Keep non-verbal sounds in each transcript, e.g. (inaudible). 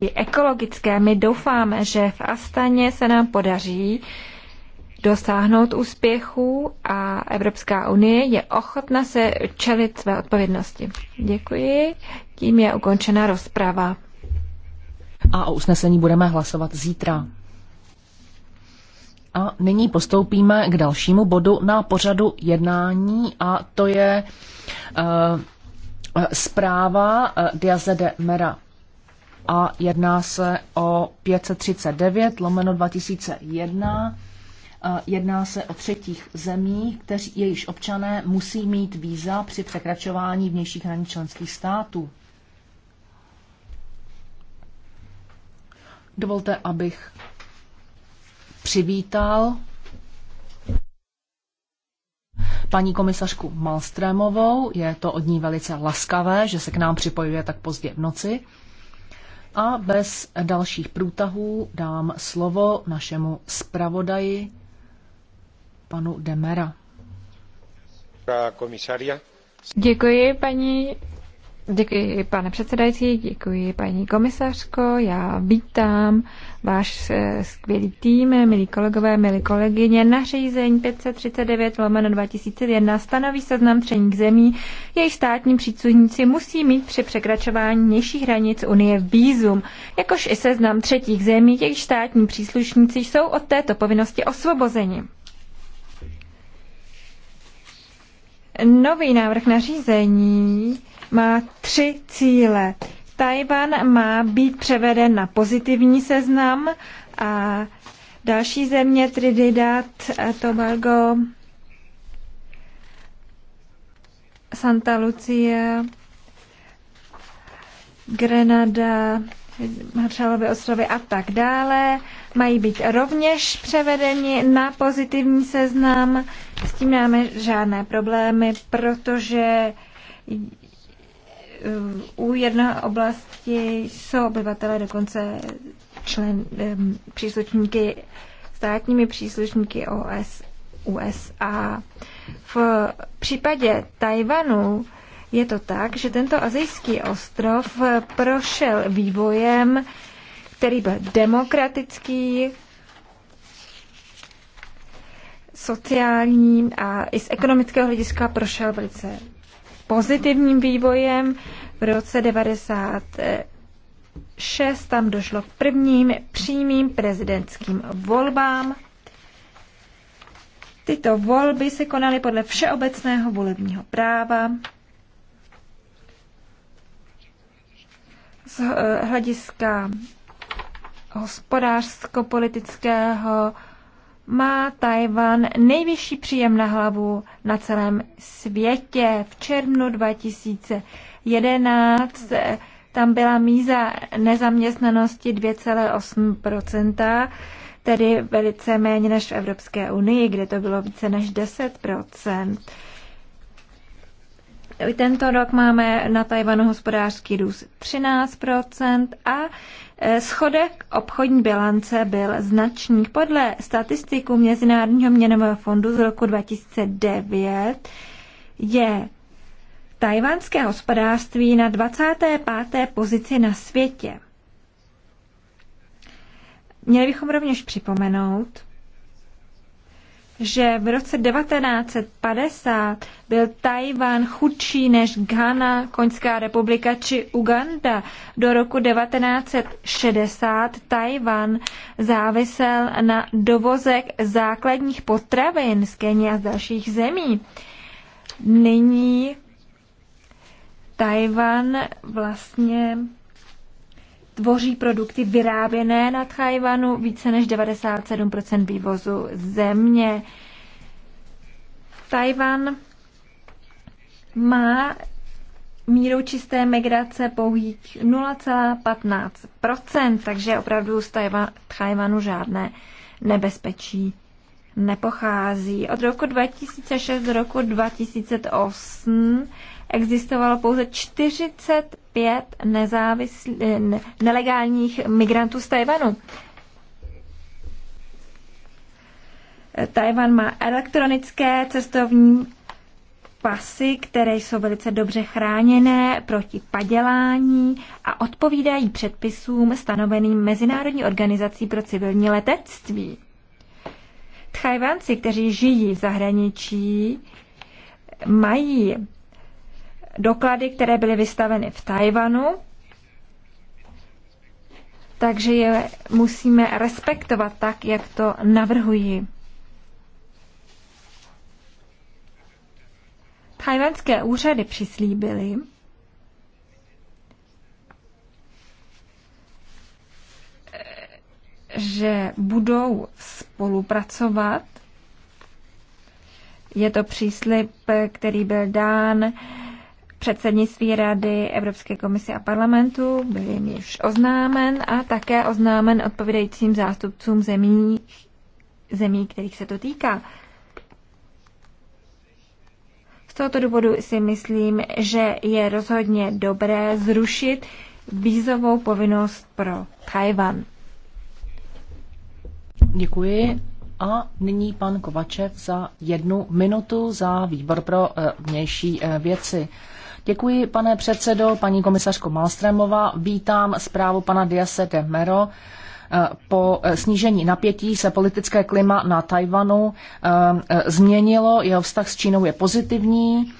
ekologické. My doufáme, že v Astaně se nám podaří dosáhnout úspěchů a Evropská unie je ochotna se čelit své odpovědnosti. Děkuji. Tím je ukončena rozprava. A o usnesení budeme hlasovat zítra. A nyní postoupíme k dalšímu bodu na pořadu jednání a to je uh, zpráva uh, eh, Diazede Mera a jedná se o 539 lomeno 2001. Jedná se o třetích zemí, kteří jejichž občané musí mít víza při překračování vnějších hranic členských států. Dovolte, abych přivítal paní komisařku Malstrémovou. Je to od ní velice laskavé, že se k nám připojuje tak pozdě v noci. A bez dalších průtahů dám slovo našemu zpravodaji, panu Demera. Děkuji, paní Děkuji, pane předsedající, děkuji, paní komisařko. Já vítám váš eh, skvělý tým, milí kolegové, milí kolegyně. Nařízení 539 lomeno 2001 stanoví seznam třeních zemí, jejich státní příslušníci musí mít při překračování nižších hranic Unie Bízum, jakož i seznam třetích zemí, jejich státní příslušníci jsou od této povinnosti osvobozeni. Nový návrh nařízení má tři cíle. Tajvan má být převeden na pozitivní seznam a další země, Trinidad, Tobago, Santa Lucia, Grenada, Maršalové ostrovy a tak dále, mají být rovněž převedeni na pozitivní seznam. S tím máme žádné problémy, protože Eh, u jedné oblasti jsou obyvatele dokonce člen, příslušníky, státními příslušníky OS, USA. V případě Tajvanu je to tak, že tento azijský ostrov prošel vývojem, který byl demokratický, sociální a i z ekonomického hlediska prošel velice pozitivním vývojem. V roce 96 tam došlo k prvním přímým prezidentským volbám. Tyto volby se konaly podle všeobecného volebního práva. Z eh, hlediska hospodářsko-politického má Tajvan nejvyšší příjem na hlavu na celém světě. V červnu 2011 eh, tam byla míza nezaměstnanosti 2,8%, tedy velice méně než v Evropské unii, kde to bylo více než 10%. Tento rok máme na Tajvanu hospodářský růst 13 a e, schodek obchodní bilance byl značný. Podle statistiků Mezinárodního měnového fondu z roku 2009 je tajvanské hospodářství na 25. pozici na světě. Měli bychom rovněž připomenout, že v roce 1950 byl Tajván chudší než Ghana, Koňská republika či Uganda. Do roku 1960 Tajván závisel na dovozek základních potravin z Kenia a z dalších zemí. Nyní Tajván vlastně tvoří produkty vyráběné na Tajvanu, více než 97 vývozu země. Tajvan má mírou čisté migrace pouhých 0,15%, takže opravdu z Tajvanu žádné nebezpečí nepochází. Od roku 2006 do roku 2008 existovalo pouze 45 nezávisl- eh, nelegálních migrantů z Tajvanu. Tajvan má elektronické cestovní pasy, které jsou velice dobře chráněné proti padělání a odpovídají předpisům stanoveným Mezinárodní organizací pro civilní letectví. Tchajvanci, kteří žijí v zahraničí, mají doklady, které byly vystaveny v Tajvanu. Takže je musíme respektovat tak, jak to navrhují. Tajvanské úřady přislíbily, že budou spolupracovat. Je to příslip, který byl dán předsednictví Rady Evropské komise a parlamentu, byl jim již oznámen a také oznámen odpovědajícím zástupcům zemí, zemí kterých se to týká. Z tohoto důvodu si myslím, že je rozhodně dobré zrušit vízovou povinnost pro Tajvan. Děkuji. A nyní pan Kovačev za jednu minutu za výbor pro eh, vnější eh, věci. Děkuji, pane předsedo, paní komisařko Malstrémová. Vítám zprávu pana Diase de Mero. Eh, po eh, snížení napětí se politické klima na Tajvanu eh, změnilo, jeho vztah s Čínou je pozitivní.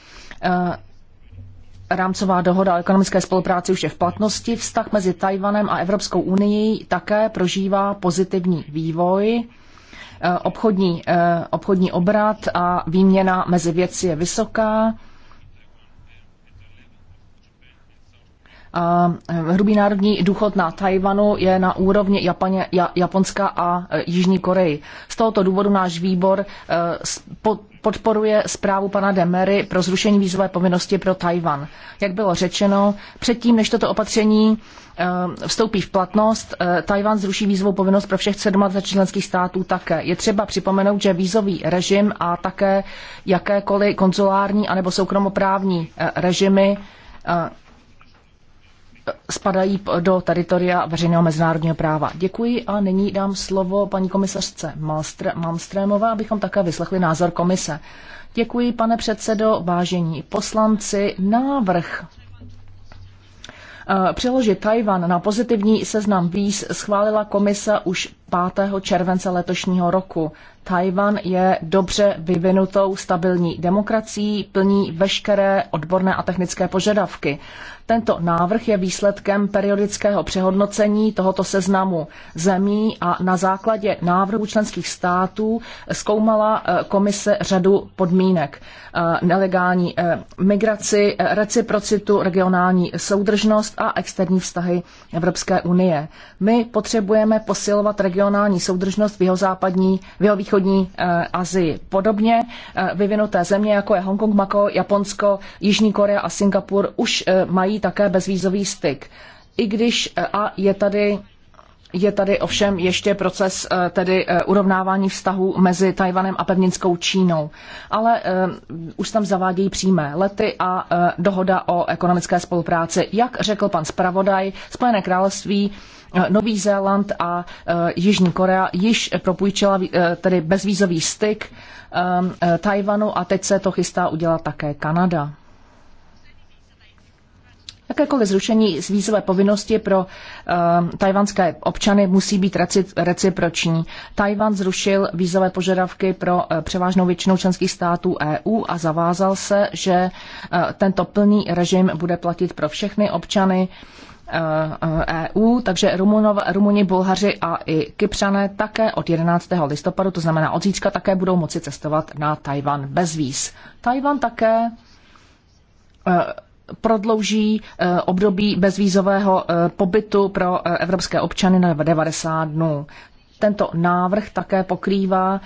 Rámcová dohoda o ekonomické spolupráci už je v platnosti. Vztah mezi Tajvanem a Evropskou unii také prožívá pozitivní vývoj. Obchodní, obchodní obrat a výměna mezi věci je vysoká. Eh, hrubý národní důchod na Tajvanu je na úrovni Japaně, Japonska a eh, Jižní Koreji. Z tohoto důvodu náš výbor eh, podporuje zprávu pana Demery pro zrušení vízové povinnosti pro Tajvan. Jak bylo řečeno, předtím, než toto opatření vstoupí v platnost, Tajvan zruší vízovou povinnost pro všech 27 členských států také. Je třeba připomenout, že vízový režim a také jakékoliv konzulární anebo soukromoprávní režimy spadají do teritoria veřejného mezinárodního práva. Děkuji a nyní dám slovo paní komisařce Malmstrémové, abychom také vyslechli názor komise. Děkuji, pane předsedo, vážení poslanci. Návrh eh, Přeložit Tajvan na pozitivní seznam víz schválila komise už 5. července letošního roku. Tajvan je dobře vyvinutou stabilní demokracií, plní veškeré odborné a technické požadavky. Tento návrh je výsledkem periodického přehodnocení tohoto seznamu zemí a na základě návrhu členských států zkoumala eh, komise řadu podmínek. Eh, nelegální eh, migraci, reciprocitu, regionální soudržnost a externí vztahy Evropské unie. My potřebujeme posilovat regionální regionální soudržnost v západní, v jihovýchodní eh, Asii. Podobně eh, vyvinuté země, jako je Hongkong, Mako, Japonsko, Jižní Korea a Singapur, už eh, mají také bezvízový styk. I když a je tady je tady ovšem ještě proces eh, tedy eh, urovnávání vztahů mezi Tajvanem a pevninskou Čínou. Ale uh, už tam zavádějí přímé lety a uh, dohoda o ekonomické spolupráci. Jak řekl pan zpravodaj, Spojené království Nový Zéland a uh, Jižní Korea již propůjčila uh, tedy bezvízový styk uh, uh, Tajvanu a teď se to chystá udělat také Kanada. Jakékoliv zrušení z vízové povinnosti pro uh, tajvanské občany musí být reciproční. Tajvan zrušil vízové požadavky pro uh, převážnou většinu členských států EU a zavázal se, že uh, tento plný režim bude platit pro všechny občany EU, e takže Rumunov, Rumuni, Bulhaři a i Kypřané také od 11. listopadu, to znamená od zítřka, také budou moci cestovat na Tajvan bez víz. Tajvan také prodlouží eh, období bezvízového eh, pobytu pro eh, evropské občany na 90 dnů. Tento návrh také pokrývá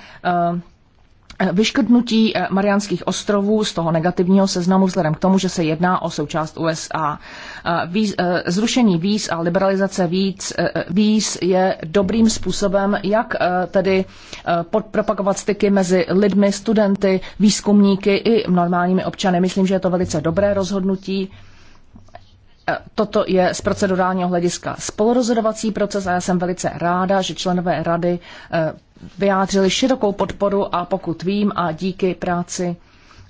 vyškrtnutí eh, Mariánských ostrovů z toho negativního seznamu vzhledem k tomu, že se jedná o součást USA. Eh, eh, zrušení víz a liberalizace víc, víz je dobrým způsobem, jak tedy propagovat styky mezi lidmi, studenty, výzkumníky i normálními občany. Myslím, že je to velice dobré rozhodnutí. Toto je z procedurálního hlediska spolurozhodovací proces a já jsem velice ráda, že členové rady vyjádřili širokou podporu a pokud vím a díky práci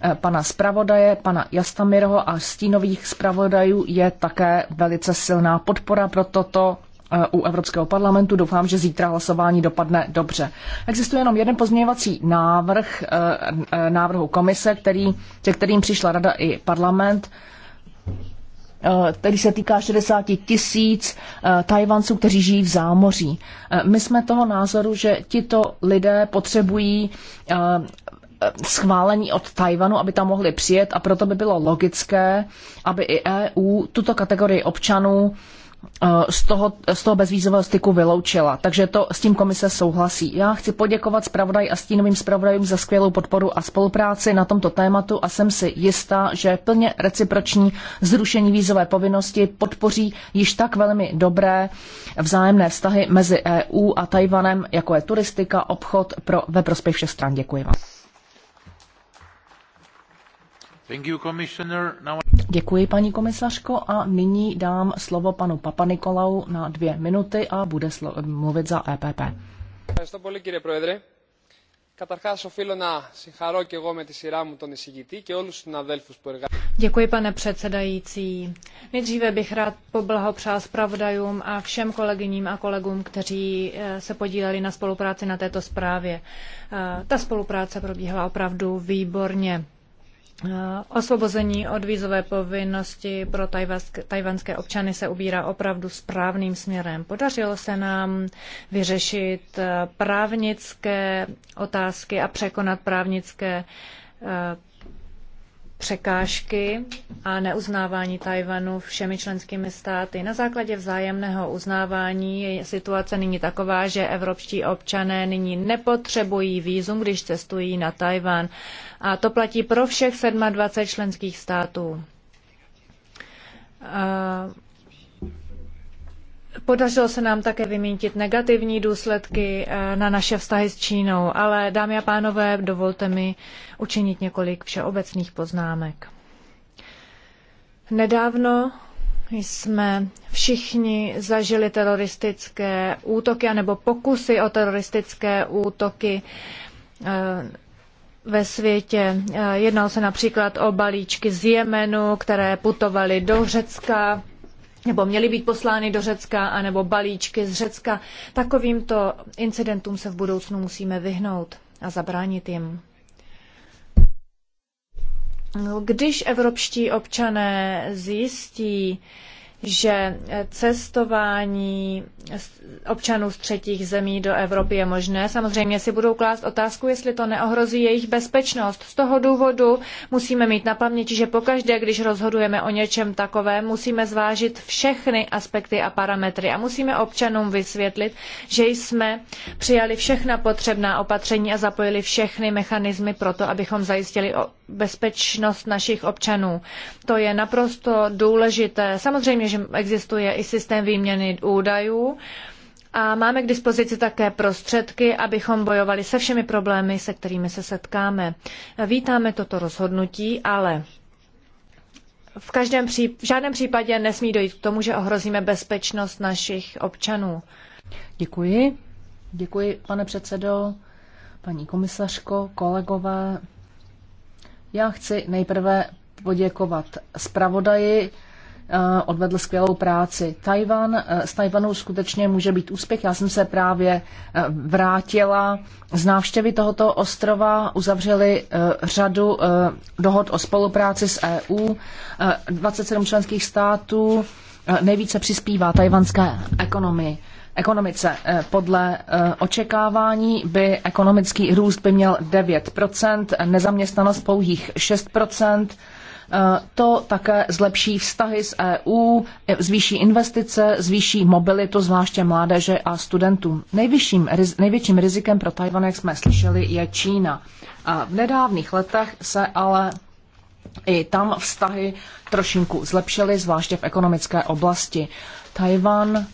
eh, pana zpravodaje, pana Jastamirho a stínových zpravodajů je také velice silná podpora pro toto eh, u Evropského parlamentu. Doufám, že zítra hlasování dopadne dobře. Existuje jenom jeden pozměňovací návrh eh, návrhu komise, který, se kterým přišla rada i parlament Eh, který se týká 60 tisíc eh, Tajvanců, kteří žijí v zámoří. Eh, my jsme toho názoru, že tito lidé potřebují schválení od Tajvanu, aby tam mohli přijet a proto by bylo logické, aby i EU tuto kategorii občanů Eh, z toho, z toho bezvízového styku vyloučila. Takže to s tím komise souhlasí. Já chci poděkovat zpravodaj a stínovým zpravodajům za skvělou podporu a spolupráci na tomto tématu a jsem si jistá, že plně reciproční zrušení vízové povinnosti podpoří již tak velmi dobré vzájemné vztahy mezi EU a Tajvanem, jako je turistika, obchod pro, ve prospěch všech stran. Děkuji vám. Thank you, Commissioner. Now... Děkuji, paní komisařko, a nyní dám slovo panu Papa Nikolau na dvě minuty a bude mluvit za EPP. Děkuji, pane předsedající. Nejdříve bych rád poblahopřál zpravodajům a všem kolegyním a kolegům, kteří eh, se podíleli na spolupráci na této zprávě. Eh, ta spolupráce probíhala opravdu výborně. Eh, osvobození od vízové povinnosti pro tajvanské občany se ubírá opravdu správným směrem. Podařilo se nám vyřešit eh, právnické otázky a překonat právnické eh, překážky a neuznávání Tajvanu všemi členskými státy. Na základě vzájemného uznávání je situace nyní taková, že evropští občané nyní nepotřebují výzum, když cestují na Tajvan. A to platí pro všech 27 členských států. Podařilo se nám také vymítit negativní důsledky eh, na naše vztahy s Čínou, ale dámy a pánové, dovolte mi učinit několik všeobecných poznámek. Nedávno jsme všichni zažili teroristické útoky nebo pokusy o teroristické útoky eh, ve světě. Eh, jednalo se například o balíčky z Jemenu, které putovaly do Řecka nebo měly být poslány do Řecka, anebo balíčky z Řecka. Takovýmto incidentům se v budoucnu musíme vyhnout a zabránit jim. Když evropští občané zjistí, že cestování občanů z třetích zemí do Evropy je možné. Samozřejmě si budou klást otázku, jestli to neohrozí jejich bezpečnost. Z toho důvodu musíme mít na paměti, že pokaždé, když rozhodujeme o něčem takovém, musíme zvážit všechny aspekty a parametry a musíme občanům vysvětlit, že jsme přijali všechna potřebná opatření a zapojili všechny mechanismy pro to, abychom zajistili bezpečnost našich občanů. To je naprosto důležité. Samozřejmě, že existuje i systém výměny údajů a máme k dispozici také prostředky, abychom bojovali se všemi problémy, se kterými se setkáme. Vítáme toto rozhodnutí, ale v, každém pří, v žádném případě nesmí dojít k tomu, že ohrozíme bezpečnost našich občanů. Děkuji. Děkuji, pane předsedo, paní komisařko, kolegové. Já chci nejprve poděkovat zpravodaji Eh, odvedl skvělou práci. Tajvan, eh, s Tajvanou skutečně může být úspěch. Já jsem se právě eh, vrátila z návštěvy tohoto ostrova, uzavřeli řadu dohod o spolupráci s EU, 27 členských států, nejvíce přispívá tajvanské ekonomii ekonomice. Podle očekávání by ekonomický růst by měl 9%, nezaměstnanost pouhých 6%, to také zlepší vztahy s EU, zvýší investice, zvýší mobilitu, zvláště mládeže a studentů. Nejvyšším, největším rizikem pro Tajvan, jak jsme slyšeli, je Čína. A v nedávných letech se ale i tam vztahy trošinku zlepšily, zvláště v ekonomické oblasti. Tajvan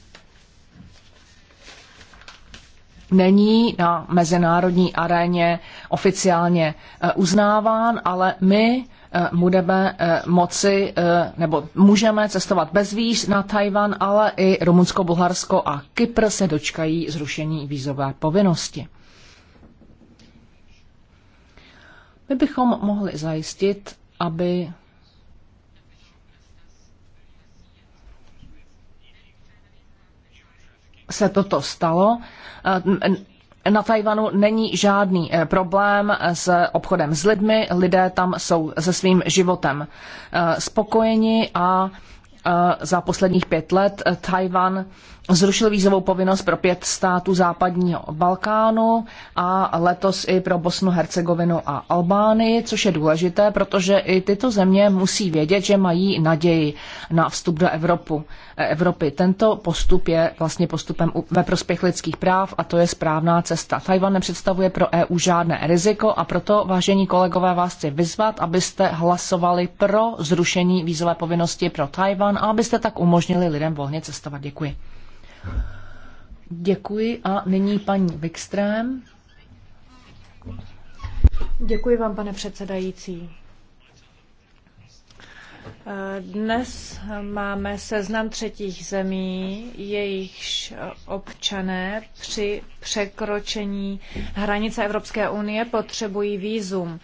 není na mezinárodní aréně oficiálně eh, uznáván, ale my Eh, budeme eh, moci eh, nebo můžeme cestovat bez víz na Tajvan, ale i Rumunsko, Bulharsko a Kypr se dočkají zrušení vízové povinnosti. My bychom mohli zajistit, aby se toto stalo na Tajvanu není žádný eh, problém s obchodem s lidmi, lidé tam jsou se svým životem eh, spokojeni a eh, za posledních pět let Tajvan zrušil vízovou povinnost pro pět států západního Balkánu a letos i pro Bosnu, Hercegovinu a Albánii, což je důležité, protože i tyto země musí vědět, že mají naději na vstup do Evropu, eh, Evropy. Tento postup je vlastně postupem ve prospěch lidských práv a to je správná cesta. Tajvan nepředstavuje pro EU žádné riziko a proto, vážení kolegové, vás chci vyzvat, abyste hlasovali pro zrušení vízové povinnosti pro Tajvan a abyste tak umožnili lidem volně cestovat. Děkuji. Děkuji a nyní paní Wikström. Děkuji vám, pane předsedající. Dnes máme seznam třetích zemí, jejichž občané při překročení hranice Evropské unie potřebují výzum.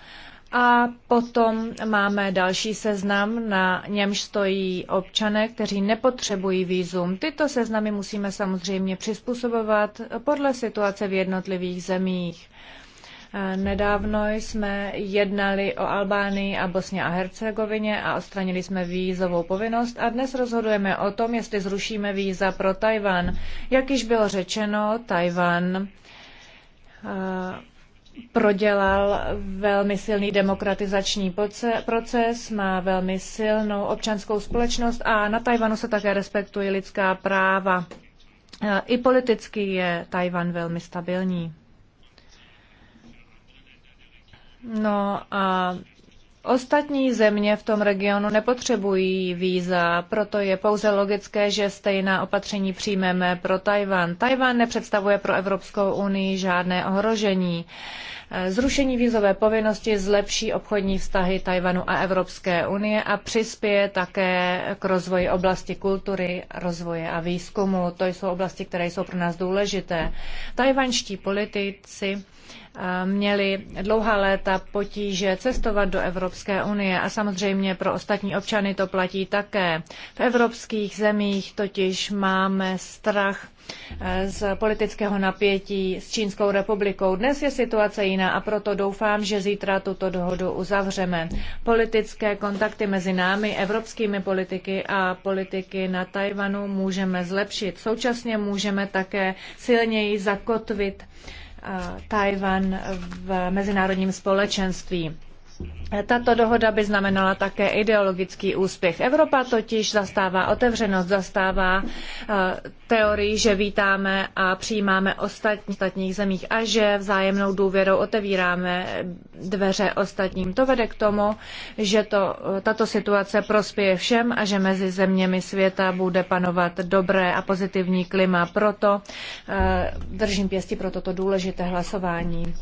A potom máme další seznam, na němž stojí občané, kteří nepotřebují výzum. Tyto seznamy musíme samozřejmě přizpůsobovat podle situace v jednotlivých zemích. Eh, nedávno jsme jednali o Albánii a Bosně a Hercegovině a odstranili jsme vízovou povinnost a dnes rozhodujeme o tom, jestli zrušíme víza pro Tajvan. Jak již bylo řečeno, Tajvan eh, prodělal velmi silný demokratizační proces, má velmi silnou občanskou společnost a na Tajvanu se také respektují lidská práva. I politicky je Tajvan velmi stabilní. No a Ostatní země v tom regionu nepotřebují víza, proto je pouze logické, že stejná opatření přijmeme pro Tajvan. Tajvan nepředstavuje pro Evropskou unii žádné ohrožení. Zrušení vízové povinnosti zlepší obchodní vztahy Tajvanu a Evropské unie a přispěje také k rozvoji oblasti kultury, rozvoje a výzkumu. To jsou oblasti, které jsou pro nás důležité. Tajvanští politici měli dlouhá léta potíže cestovat do Evropské unie a samozřejmě pro ostatní občany to platí také. V evropských zemích totiž máme strach eh, z politického napětí s Čínskou republikou. Dnes je situace jiná a proto doufám, že zítra tuto dohodu uzavřeme. Politické kontakty mezi námi, evropskými politiky a politiky na Tajvanu můžeme zlepšit. Současně můžeme také silněji zakotvit uh, Tajvan v mezinárodním společenství. Tato dohoda by znamenala také ideologický úspěch. Evropa totiž zastává otevřenost, zastává eh, teorii, že vítáme a přijímáme ostatní ostatních zemích a že vzájemnou důvěrou otevíráme dveře ostatním. To vede k tomu, že to, tato situace prospěje všem a že mezi zeměmi světa bude panovat dobré a pozitivní klima. Proto eh, držím pěsti pro toto důležité hlasování.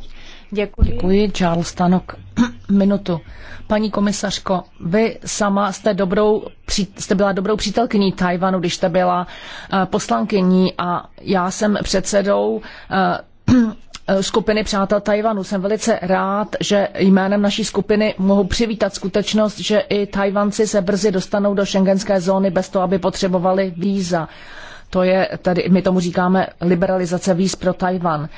Děkuji. Děkuji, Charles Stanok. (clears throat) Minutu. Paní komisařko, vy sama jste, dobrou, jste byla dobrou přítelkyní Tajvanu, když jste byla eh, poslankyní a já jsem předsedou eh, (clears throat) skupiny Přátel Tajvanu. Jsem velice rád, že jménem naší skupiny mohu přivítat skutečnost, že i Tajvanci se brzy dostanou do šengenské zóny bez toho, aby potřebovali víza. To je tady, my tomu říkáme liberalizace víz pro Tajvan.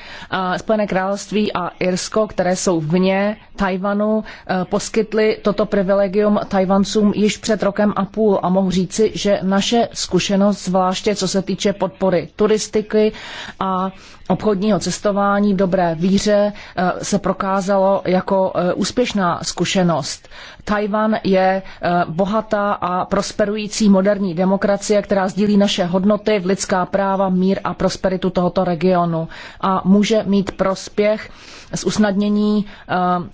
Spojené království a Irsko, které jsou vně Tajvanu, eh, poskytly toto privilegium Tajvancům již před rokem a půl a mohu říci, že naše zkušenost, zvláště co se týče podpory turistiky a obchodního cestování v dobré víře, eh, se prokázalo jako eh, úspěšná zkušenost. Tajvan je bohatá a prosperující moderní demokracie, která sdílí naše hodnoty, mír, lidská práva, mír a prosperitu tohoto regionu a může mít prospěch z usnadnění uh,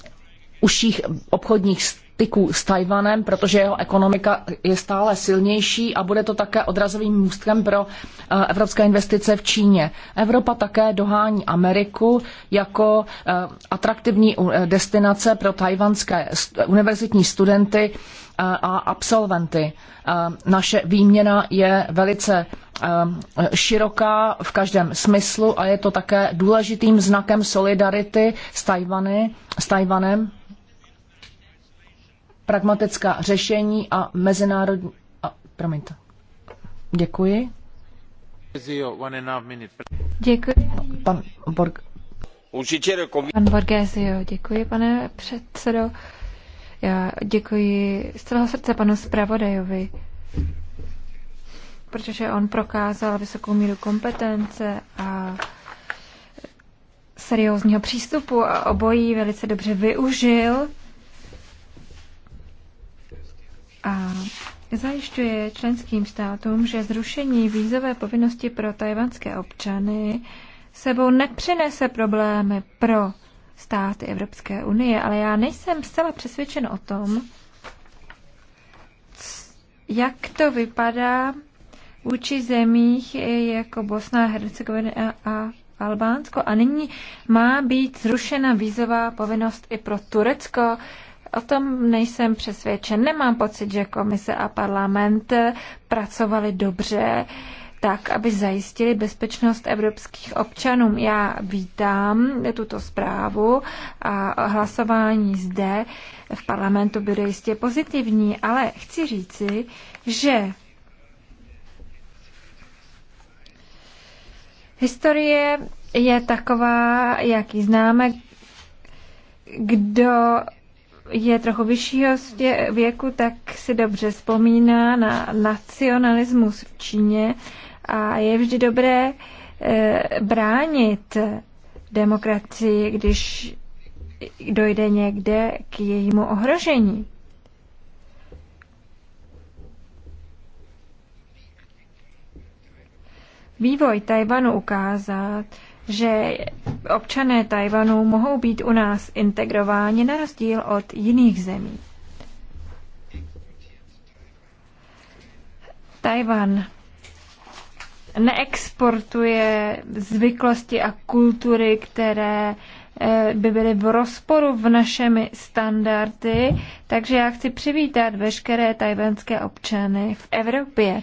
užších obchodních styků s Tajvanem, protože jeho ekonomika je stále silnější a bude to také odrazovým můstkem pro eh, evropské investice v Číně. Evropa také dohání Ameriku jako eh, atraktivní destinace pro tajvanské univerzitní studenty a absolventy. Naše výměna je velice Eh, široká v každém smyslu a je to také důležitým znakem solidarity s, Tajvany, s Tajvanem, pragmatická řešení a mezinárodní... A, promiňte. Děkuji. Děkuji. Pan, Borg... Pan Borgesio, děkuji, pane předsedo. Já děkuji z celého srdce panu zpravodajovi protože on prokázal vysokou míru kompetence a seriózního přístupu a obojí velice dobře využil a zajišťuje členským státům, že zrušení vízové povinnosti pro tajvanské občany sebou nepřinese problémy pro státy Evropské unie, ale já nejsem zcela přesvědčen o tom, jak to vypadá vůči zemích jako Bosna, Hercegovina a, a Albánsko. A nyní má být zrušena vízová povinnost i pro Turecko. O tom nejsem přesvědčen. Nemám pocit, že komise a parlament pracovali dobře tak, aby zajistili bezpečnost evropských občanů. Já vítám tuto zprávu a hlasování zde v parlamentu bude jistě pozitivní, ale chci říci, že Historie je taková, jak ji známe. Kdo je trochu vyššího věku, tak si dobře vzpomíná na nacionalismus v Číně a je vždy dobré e, bránit demokracii, když dojde někde k jejímu ohrožení. vývoj Tajvanu ukázat, že občané Tajvanu mohou být u nás integrováni na rozdíl od jiných zemí. Tajvan neexportuje zvyklosti a kultury, které eh, by byly v rozporu v našemi standardy, takže já chci přivítat veškeré tajvanské občany v Evropě.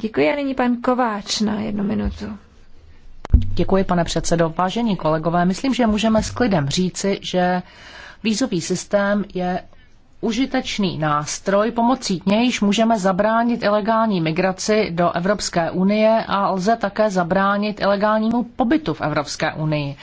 Děkuji a nyní pan Kováč na jednu minutu. Děkuji, pane předsedo. Vážení kolegové, myslím, že můžeme s klidem říci, že vízový systém je užitečný nástroj, pomocí nějž můžeme zabránit ilegální migraci do Evropské unie a lze také zabránit ilegálnímu pobytu v Evropské unii.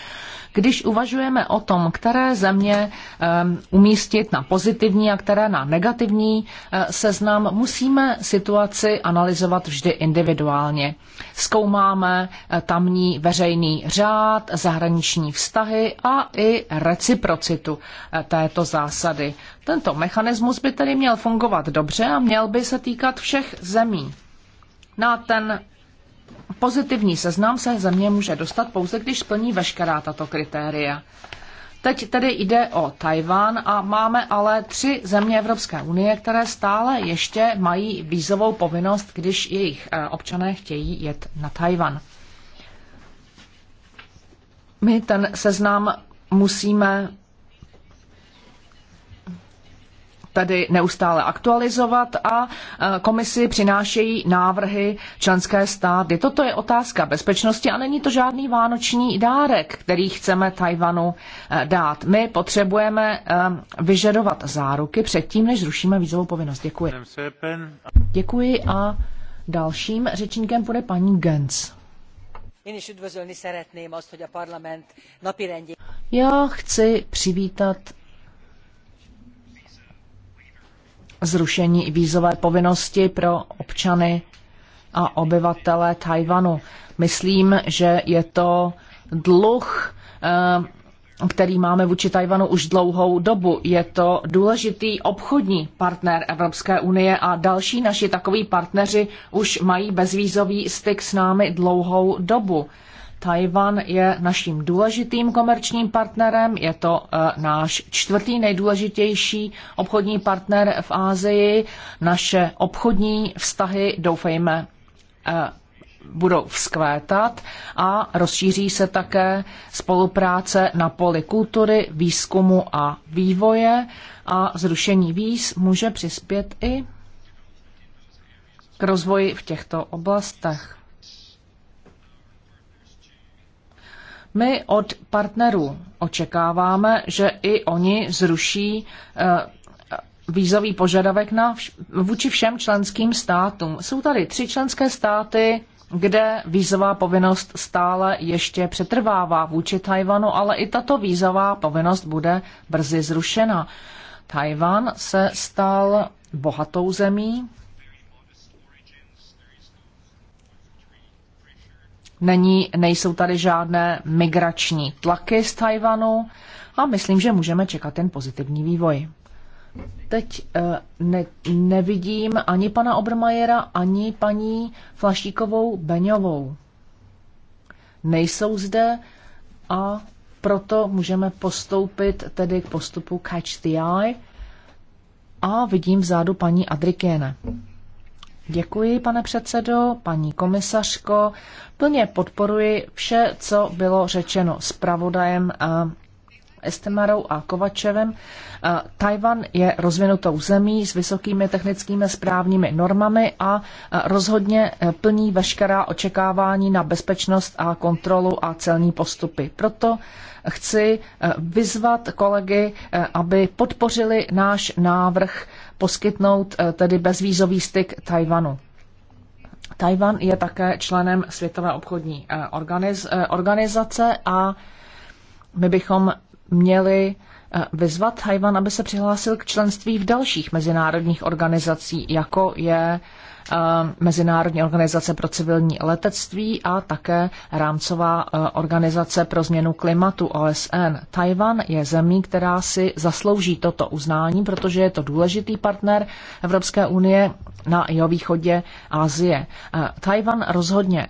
Když uvažujeme o tom, které země eh, umístit na pozitivní a které na negativní eh, seznam, musíme situaci analyzovat vždy individuálně. Zkoumáme eh, tamní veřejný řád, zahraniční vztahy a i reciprocitu této zásady. Tento mechanismus by tedy měl fungovat dobře a měl by se týkat všech zemí. Na ten pozitivní seznam se země může dostat pouze, když splní veškerá tato kritéria. Teď tedy jde o Tajván a máme ale tři země Evropské unie, které stále ještě mají vízovou povinnost, když jejich eh, občané chtějí jet na Tajvan. My ten seznam musíme tedy neustále aktualizovat a e, komisi přinášejí návrhy členské státy. Toto je otázka bezpečnosti a není to žádný vánoční dárek, který chceme Tajvanu e, dát. My potřebujeme e, vyžadovat záruky předtím, než zrušíme vízovou povinnost. Děkuji. Děkuji a dalším řečníkem bude paní Gens. Já chci přivítat zrušení vízové povinnosti pro občany a obyvatele Tajvanu. Myslím, že je to dluh, eh, který máme vůči Tajvanu už dlouhou dobu. Je to důležitý obchodní partner Evropské unie a další naši takoví partneři už mají bezvízový styk s námi dlouhou dobu. Tajvan je naším důležitým komerčním partnerem, je to eh, náš čtvrtý nejdůležitější obchodní partner v Ázii. Naše obchodní vztahy, doufejme, eh, budou vzkvétat a rozšíří se také spolupráce na poli kultury, výzkumu a vývoje a zrušení víz může přispět i k rozvoji v těchto oblastech. My od partnerů očekáváme, že i oni zruší eh, vízový požadavek na vůči všem členským státům. Jsou tady tři členské státy, kde vízová povinnost stále ještě přetrvává vůči Tajvanu, ale i tato vízová povinnost bude brzy zrušena. Tajvan se stal bohatou zemí, Není, nejsou tady žádné migrační tlaky z Tajvanu a myslím, že můžeme čekat ten pozitivní vývoj. Teď eh, ne, nevidím ani pana Obermajera, ani paní Flaštíkovou Beňovou. Nejsou zde a proto můžeme postoupit tedy k postupu Catch the Eye a vidím vzadu paní Adrikiene. Děkuji, pane předsedo, paní komisařko. Plně podporuji vše, co bylo řečeno zpravodajem a Estemarou a Kovačevem. Tajvan je rozvinutou zemí s vysokými technickými správními normami a rozhodně e, plní veškerá očekávání na bezpečnost a kontrolu a celní postupy. Proto chci e, vyzvat kolegy, e, aby podpořili náš návrh poskytnout tedy bezvízový styk Tajvanu. Tajvan je také členem Světové obchodní organizace a my bychom měli eh, vyzvat Tajvan, aby se přihlásil k členství v dalších mezinárodních organizací, jako je eh, Mezinárodní organizace pro civilní letectví a také rámcová eh, organizace pro změnu klimatu OSN. Tajvan je zemí, která si zaslouží toto uznání, protože je to důležitý partner Evropské unie na jeho východě Asie. Tajvan rozhodně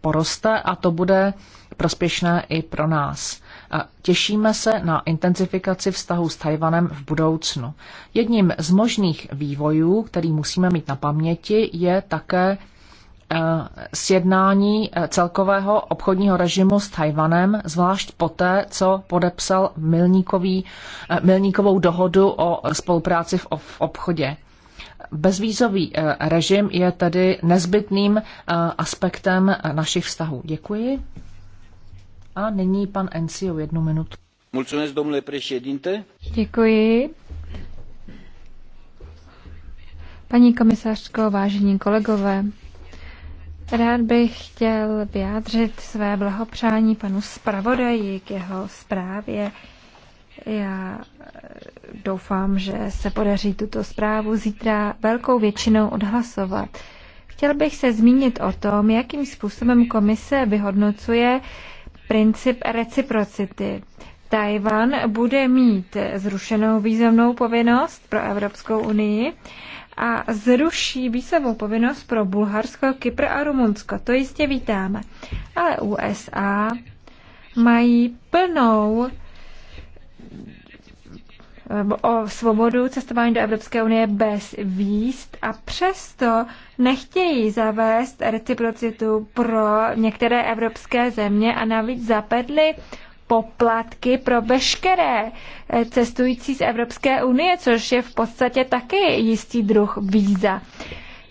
poroste a to bude prospěšné i pro nás. Těšíme se na intenzifikaci vztahu s Tajvanem v budoucnu. Jedním z možných vývojů, který musíme mít na paměti, je také eh, sjednání eh, celkového obchodního režimu s Tajvanem, zvlášť poté, co podepsal milníkový, eh, milníkovou dohodu o spolupráci v obchodě. Bezvízový režim je tedy nezbytným aspektem našich vztahů. Děkuji. A nyní pan Ensio jednu minutu. Mulțumesc, domnule președinte. Děkuji. Paní komisařko, vážení kolegové, rád bych chtěl vyjádřit své blahopřání panu zpravodaji k jeho zprávě. Já eh, doufám, že se podaří tuto zprávu zítra velkou většinou odhlasovat. Chtěl bych se zmínit o tom, jakým způsobem komise vyhodnocuje princip reciprocity. Tajvan bude mít zrušenou významnou povinnost pro Evropskou unii a zruší výsovou povinnost pro Bulharsko, Kypr a Rumunsko. To jistě vítáme. Ale USA mají plnou o svobodu cestování do Evropské unie bez výst a přesto nechtějí zavést reciprocitu pro některé evropské země a navíc zapedli poplatky pro veškeré eh, cestující z Evropské unie, což je v podstatě taky jistý druh víza.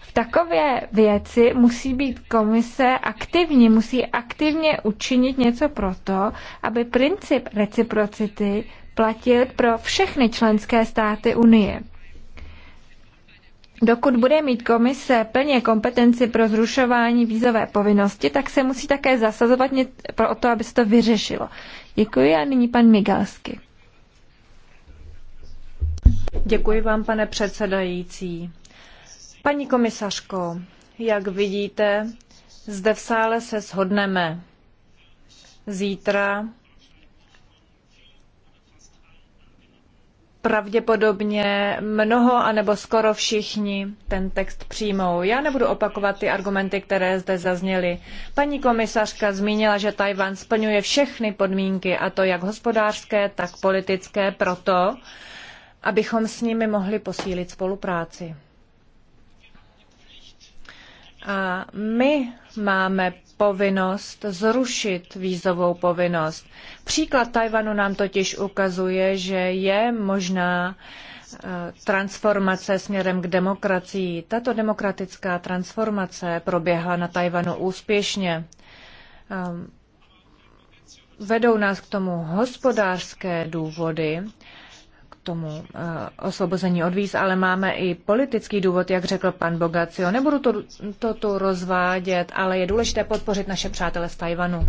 V takové věci musí být komise aktivní, musí aktivně učinit něco proto, aby princip reciprocity platit pro všechny členské státy Unie. Dokud bude mít komise plně kompetenci pro zrušování vízové povinnosti, tak se musí také zasazovat pro to, aby se to vyřešilo. Děkuji a nyní pan Migalsky. Děkuji vám, pane předsedající. Paní komisařko, jak vidíte, zde v sále se shodneme. Zítra pravděpodobně mnoho anebo skoro všichni ten text přijmou. Já nebudu opakovat ty argumenty, které zde zazněly. Paní komisařka zmínila, že Tajvan splňuje všechny podmínky, a to jak hospodářské, tak politické, proto, abychom s nimi mohli posílit spolupráci. A my máme povinnost zrušit vízovou povinnost. Příklad Tajvanu nám totiž ukazuje, že je možná eh, transformace směrem k demokracii. Tato demokratická transformace proběhla na Tajvanu úspěšně. Ehm, vedou nás k tomu hospodářské důvody, tomu eh, osvobození od víz, ale máme i politický důvod, jak řekl pan Bogacio. Nebudu to, to tu rozvádět, ale je důležité podpořit naše přátele z Tajvanu.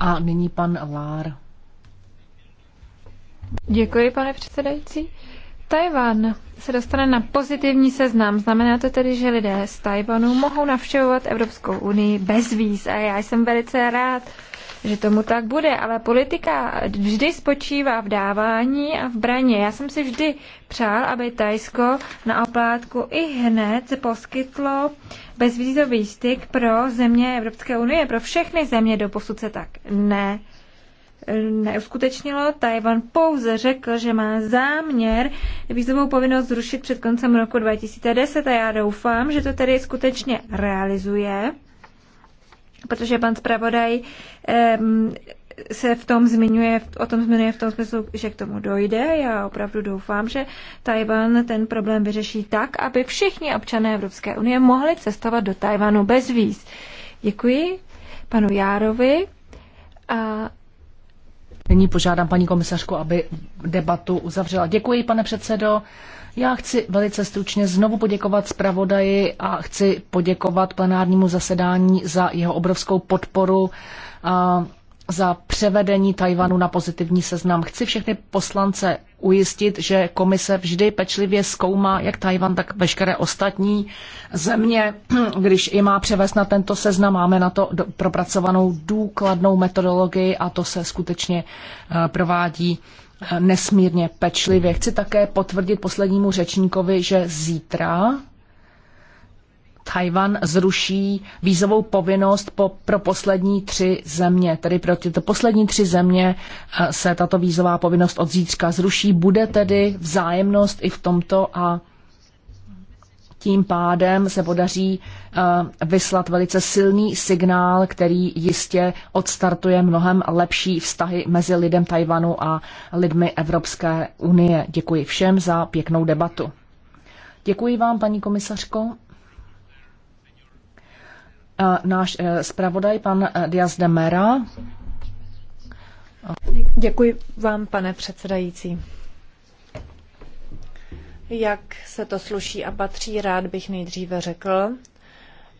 A nyní pan Lár. Děkuji, pane předsedající. Tajvan se dostane na pozitivní seznam. Znamená to tedy, že lidé z Tajvanu mohou navštěvovat Evropskou unii bez víz a já jsem velice rád že tomu tak bude, ale politika vždy spočívá v dávání a v braně. Já jsem si vždy přál, aby Tajsko na oplátku i hned poskytlo bezvízový styk pro země Evropské unie, pro všechny země, do posud se tak ne neuskutečnilo. Tajvan pouze řekl, že má záměr vízovou povinnost zrušit před koncem roku 2010 a já doufám, že to tedy skutečně realizuje protože pan zpravodaj se v tom zmiňuje, o tom zmiňuje v tom smyslu, že k tomu dojde. Já opravdu doufám, že Tajvan ten problém vyřeší tak, aby všichni občané Evropské unie mohli cestovat do Tajvanu bez víz. Děkuji panu Járovi a Nyní požádám paní komisařku, aby debatu uzavřela. Děkuji, pane předsedo. Já chci velice stručně znovu poděkovat zpravodaji a chci poděkovat plenárnímu zasedání za jeho obrovskou podporu a za převedení Tajvanu na pozitivní seznam. Chci všechny poslance ujistit, že komise vždy pečlivě zkoumá jak Tajvan, tak veškeré ostatní země. (clears throat) Když je má převést na tento seznam, máme na to propracovanou důkladnou metodologii a to se skutečně eh, provádí nesmírně pečlivě. Chci také potvrdit poslednímu řečníkovi, že zítra Tajvan zruší vízovou povinnost po, pro poslední tři země. Tedy pro tyto poslední tři země eh, se tato vízová povinnost od zítřka zruší. Bude tedy vzájemnost i v tomto a tím pádem se podaří eh, vyslat velice silný signál, který jistě odstartuje mnohem lepší vztahy mezi lidem Tajvanu a lidmi Evropské unie. Děkuji všem za pěknou debatu. Děkuji vám, paní komisařko. Eh, náš eh, zpravodaj, pan Diaz de Mera. Děkuji vám, pane předsedající. Jak se to sluší a patří, rád bych nejdříve řekl,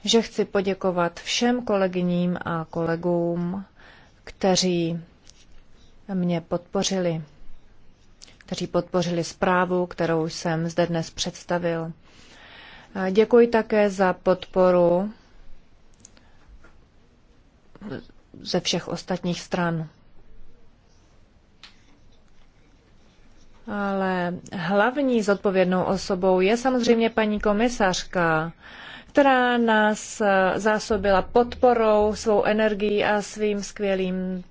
že chci poděkovat všem kolegyním a kolegům, kteří mě podpořili, kteří podpořili zprávu, kterou jsem zde dnes představil. Děkuji také za podporu ze všech ostatních stran. Ale hlavní zodpovědnou osobou je samozřejmě paní komisařka, která nás eh, zásobila podporou, svou energií a svým skvělým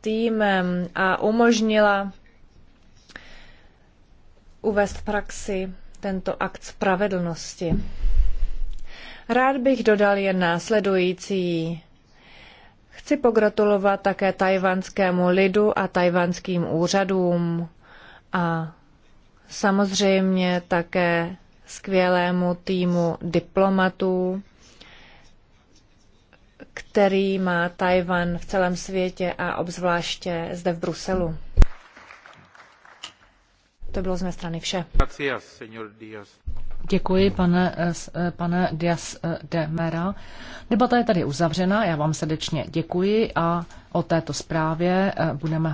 týmem a umožnila uvést v praxi tento akt spravedlnosti. Rád bych dodal jen následující. Chci pogratulovat také tajvanskému lidu a tajvanským úřadům a samozřejmě také skvělému týmu diplomatů, který má Tajvan v celém světě a obzvláště zde v Bruselu. To bylo z mé strany vše. Děkuji, pane, eh, eh, pane Dias eh, de Mera. Debata je tady uzavřena, já vám srdečně děkuji a o této zprávě budeme hlasovat.